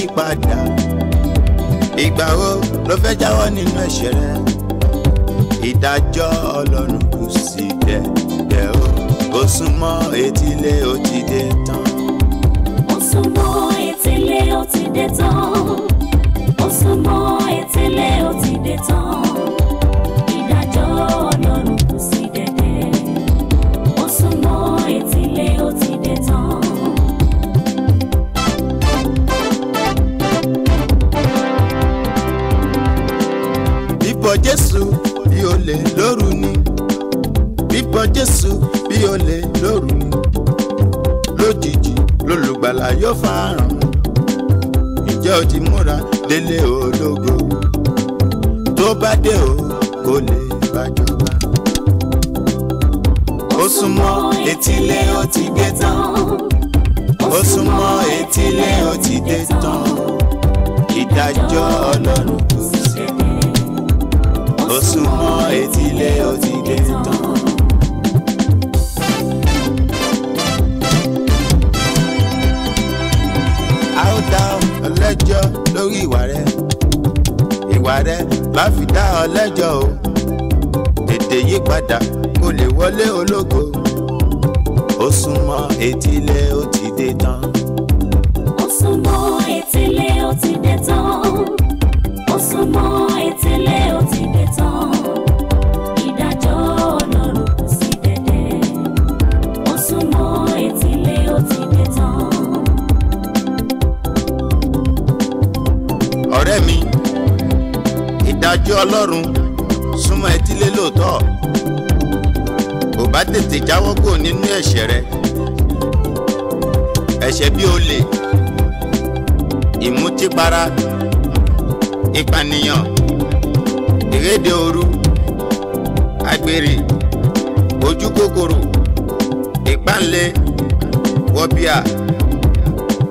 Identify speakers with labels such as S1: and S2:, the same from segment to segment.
S1: yí padà ìgbà wo ló fẹ́ jáwọ́ nínú ẹ̀ṣẹ̀ rẹ ìdájọ́ ọlọ́run kù sí dẹ̀dẹ̀ o ó súnmọ́ etílé ó ti dé tán. ó súnmọ́ etílé ó ti dé tán. bíbọ jésù bí olè lóru ni bíbọ jésù bí olè lóru ni lójijì lólùgbàlà yóò farahàn ǹjẹ́ o ti múra délé ológo tó bá dé o kò lè bàjọba. ó súnmọ́ etílé ó ti dé tán ó súnmọ́ etílé ó ti dé tán. lórí ìwà rẹ ìwà rẹ má fi dá ọ lẹ́jọ́ o tètè yí padà kó lè wọlé ológo ó súnmọ́ etílé ó ti dé tán. ọ̀rẹ́ mi ìdájọ́ ọlọ́run súnmọ́ etílé lóòótọ́ ò bá tètè jáwọ́ kò nínú ẹ̀ṣẹ̀ rẹ ẹ̀ṣẹ̀ bí olè ìmutípara ìpànìyàn ìrédè òru agbèrè ojú kòkòrò ìpánlé wọ̀bìà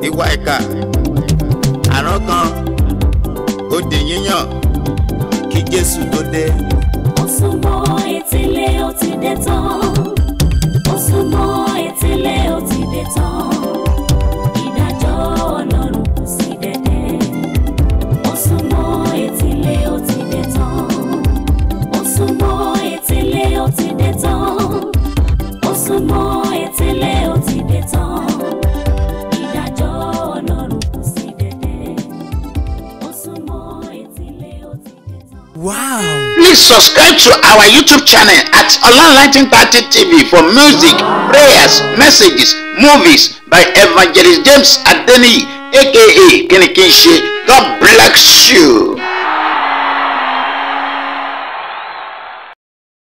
S1: ìwà ìkà àrọ́kàn ó di yíyàn kí Jésù tó dé. ó sún mọ́ etílé ó ti
S2: dé tán ó sún mọ́ etílé.
S1: Wow. Please subscribe to our YouTube channel at Olanilantan 30 TV for music, prayers, messages, movies by Evangelist James Adeniyi aka Kinikinse. God bless you.